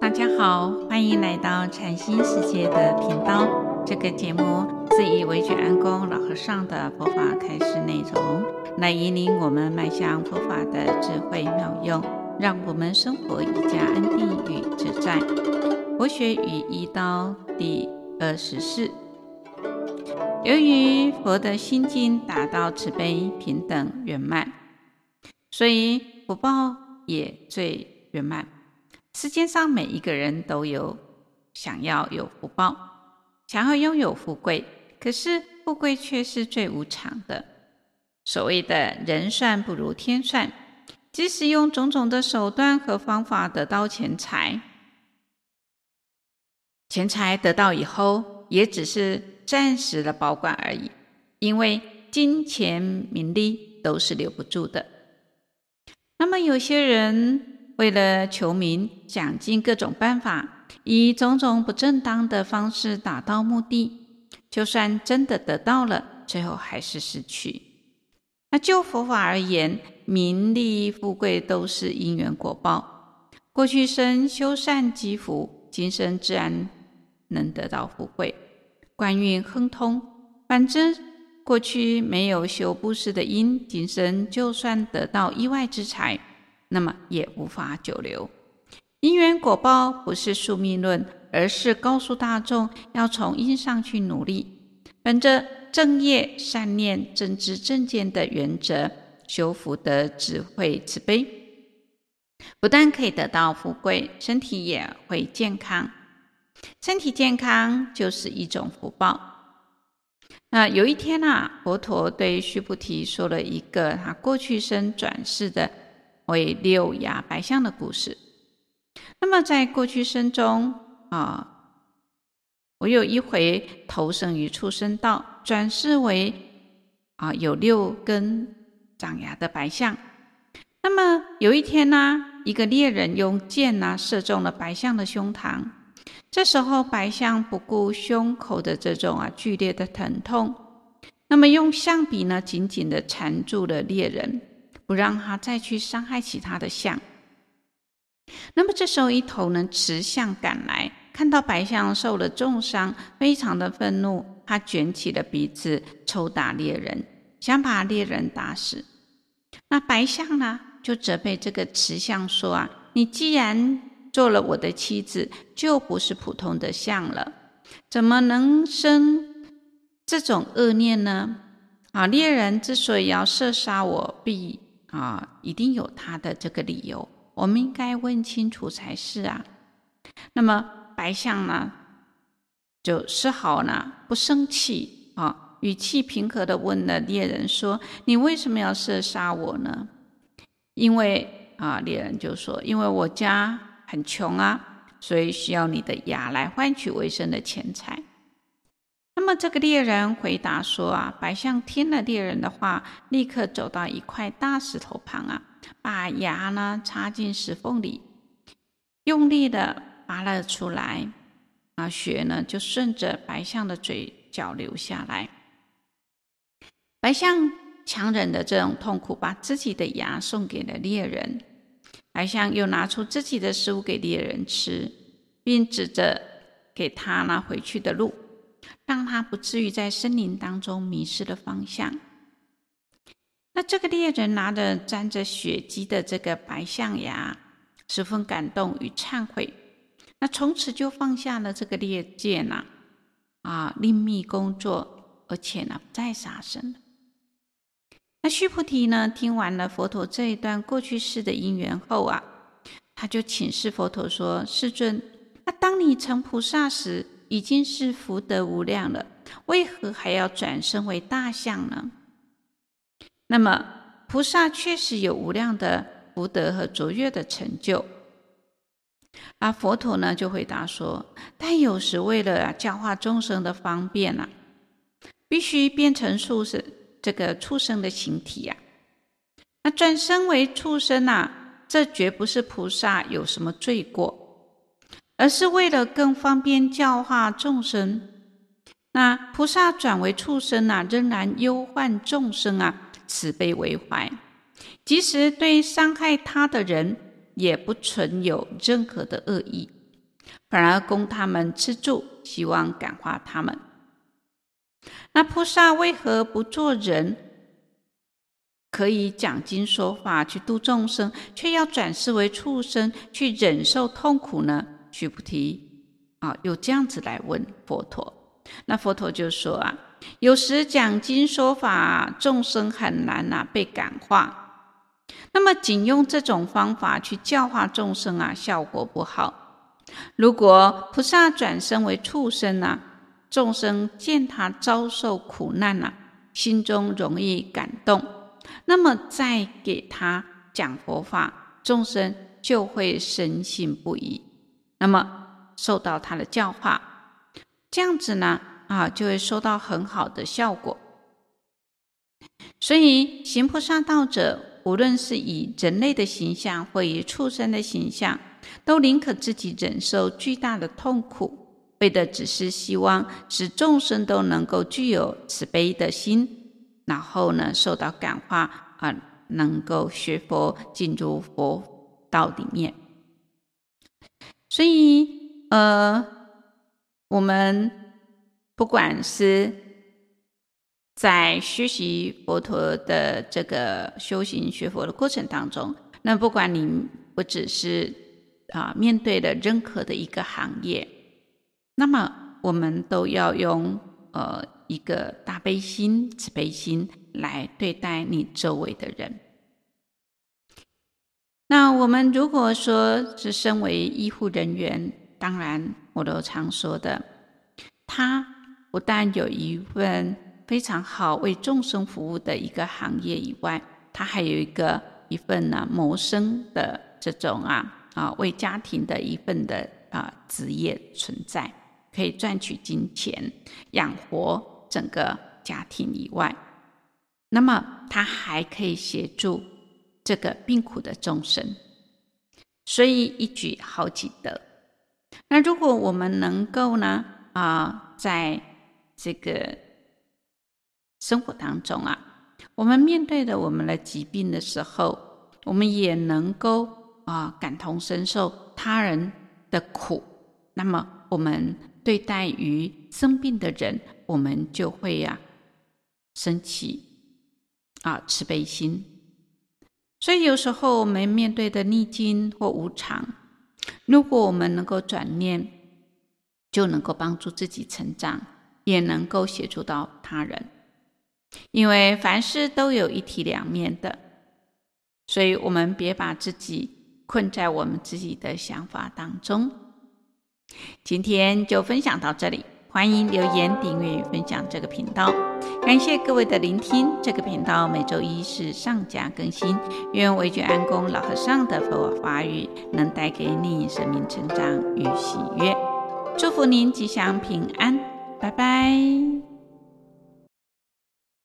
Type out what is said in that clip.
大家好，歡迎來到禪心世界的頻道。這個節目是以惟覺安公老和尚的佛法開示內容，來引領我們邁向佛法的智慧妙用，讓我們生活更加安定與自在。佛學與醫道第二十四。由於佛的心境達到慈悲、平等圓滿，所以福報也最圓滿。世界上每一個人都有想要有福報，想要擁有富貴，可是富貴卻是最無常的。所謂的人算不如天算，即使用種種的手段和方法得到錢財，錢財得到以後也只是暫時的保管而已，因為金錢名利都是留不住的。那麼有些人。為了求名，想盡各種辦法，以種種不正當的方式達到目的。就算真的得到了，最後還是失去。那就佛法而言，名利富貴都是因緣果報。過去生修善積福，今生自然能得到富貴、官運亨通。反之，過去沒有修布施的因，今生就算得到意外之財。那麼也無法久留。因緣果報不是宿命論，而是告訴大眾要從因上去努力，本着正業、善念、正知、正見的原則修福德、智慧、慈悲，不但可以得到富貴，身體也會健康。身體健康就是一種福報。那有一天啊，佛陀對須菩提說了一個他過去生轉世的。為六牙白象的故事。那麼，在過去生中啊，我有一回投生於畜生道，轉世為啊有六根長牙的白象。那麼有一天呢、啊，一個獵人用箭呢、啊、射中了白象的胸膛。這時候，白象不顧胸口的這種啊劇烈的疼痛，那麼用象鼻呢緊緊的纏住了獵人。不讓他再去傷害其他的象。那麼這時候，一頭呢，雌象趕來看到白象受了重傷，非常的憤怒，他卷起了鼻子抽打獵人，想把獵人打死。那白象呢，就責備這個雌象說：“啊，你既然做了我的妻子，就不是普通的象了，怎麼能生這種惡念呢？”啊，獵人之所以要射殺我，必……啊，一定有他的這個理由，我們應該問清楚才是啊。那麼白象呢，就絲毫呢不生氣啊，語氣平和的問了獵人說：“你為什麼要射殺我呢？”因為啊，獵人就說：“因為我家很窮啊，所以需要你的牙來換取維生的錢財。”那麼，這個獵人回答說：“啊，白象聽了獵人的話，立刻走到一塊大石頭旁啊，把牙呢插進石縫裡，用力的拔了出來。啊，血呢就順着白象的嘴角流下來。白象強忍著這種痛苦，把自己的牙送給了獵人。白象又拿出自己的食物給獵人吃，並指着給他拿回去的路。”讓他不至於在森林當中迷失了方向。那這個獵人拿着沾着血跡的這個白象牙，十分感動與懺悔。那從此就放下了這個獵箭呢、啊，啊，另覓工作，而且呢不再殺生。那須菩提呢，聽完了佛陀這一段過去世的因緣後啊，他就請示佛陀說：“世尊，那當你成菩薩時。”已經是福德無量了，為何還要轉生為大象呢？那麼菩薩確實有無量的福德和卓越的成就，而、啊、佛陀呢就回答說：但有時為了教化眾生的方便吶、啊，必須變成畜生，這個畜生的形體呀、啊。那轉生為畜生吶、啊，這絕不是菩薩有什麼罪過。而是為了更方便教化眾生，那菩薩轉為畜生啊，仍然憂患眾生啊，慈悲為懷，即使對傷害他的人，也不存有任何的惡意，反而供他們吃住，希望感化他們。那菩薩為何不做人，可以講經說法去度眾生，卻要轉世為畜生去忍受痛苦呢？須菩提啊、哦，有這樣子來問佛陀，那佛陀就說啊，有時講經說法，眾生很難吶、啊、被感化。那麼，僅用這種方法去教化眾生啊，效果不好。如果菩薩轉生為畜生啊，眾生見他遭受苦難吶、啊，心中容易感動。那麼，再給他講佛法，眾生就會深信不疑。那麼受到他的教化，這樣子呢啊，就會收到很好的效果。所以行菩薩道者，無論是以人類的形象或以畜生的形象，都寧可自己忍受巨大的痛苦，為的只是希望使眾生都能夠具有慈悲的心，然後呢受到感化而能夠學佛進入佛道裡面。所以，呃，我們不管是在學習佛陀的這個修行學佛的過程當中，那不管你不只是啊、呃、面對的任何的一個行業，那麼我們都要用呃一個大悲心、慈悲心來對待你周圍的人。那我們如果說是身為醫護人員，當然我都常說的，他不但有一份非常好為眾生服務的一個行業以外，他還有一個一份呢、啊、謀生的這種啊啊為家庭的一份的啊職業存在，可以賺取金錢養活整個家庭以外，那麼他還可以協助。這個病苦的眾生，所以一舉好幾得。那如果我們能夠呢啊、呃，在這個生活當中啊，我們面對的我們的疾病的時候，我們也能夠啊、呃、感同身受他人的苦，那麼我們對待於生病的人，我們就會呀、啊、生起啊、呃、慈悲心。所以有時候我們面對的逆境或無常，如果我們能夠轉念，就能夠幫助自己成長，也能夠協助到他人。因為凡事都有一體兩面的，所以我們別把自己困在我們自己的想法當中。今天就分享到這裡。歡迎留言、訂閱與分享這個頻道。感謝各位的聆聽。這個頻道每周一次上架更新。願惟覺安公老和尚的佛法語能帶給你生命成長與喜悅。祝福您吉祥平安，拜拜。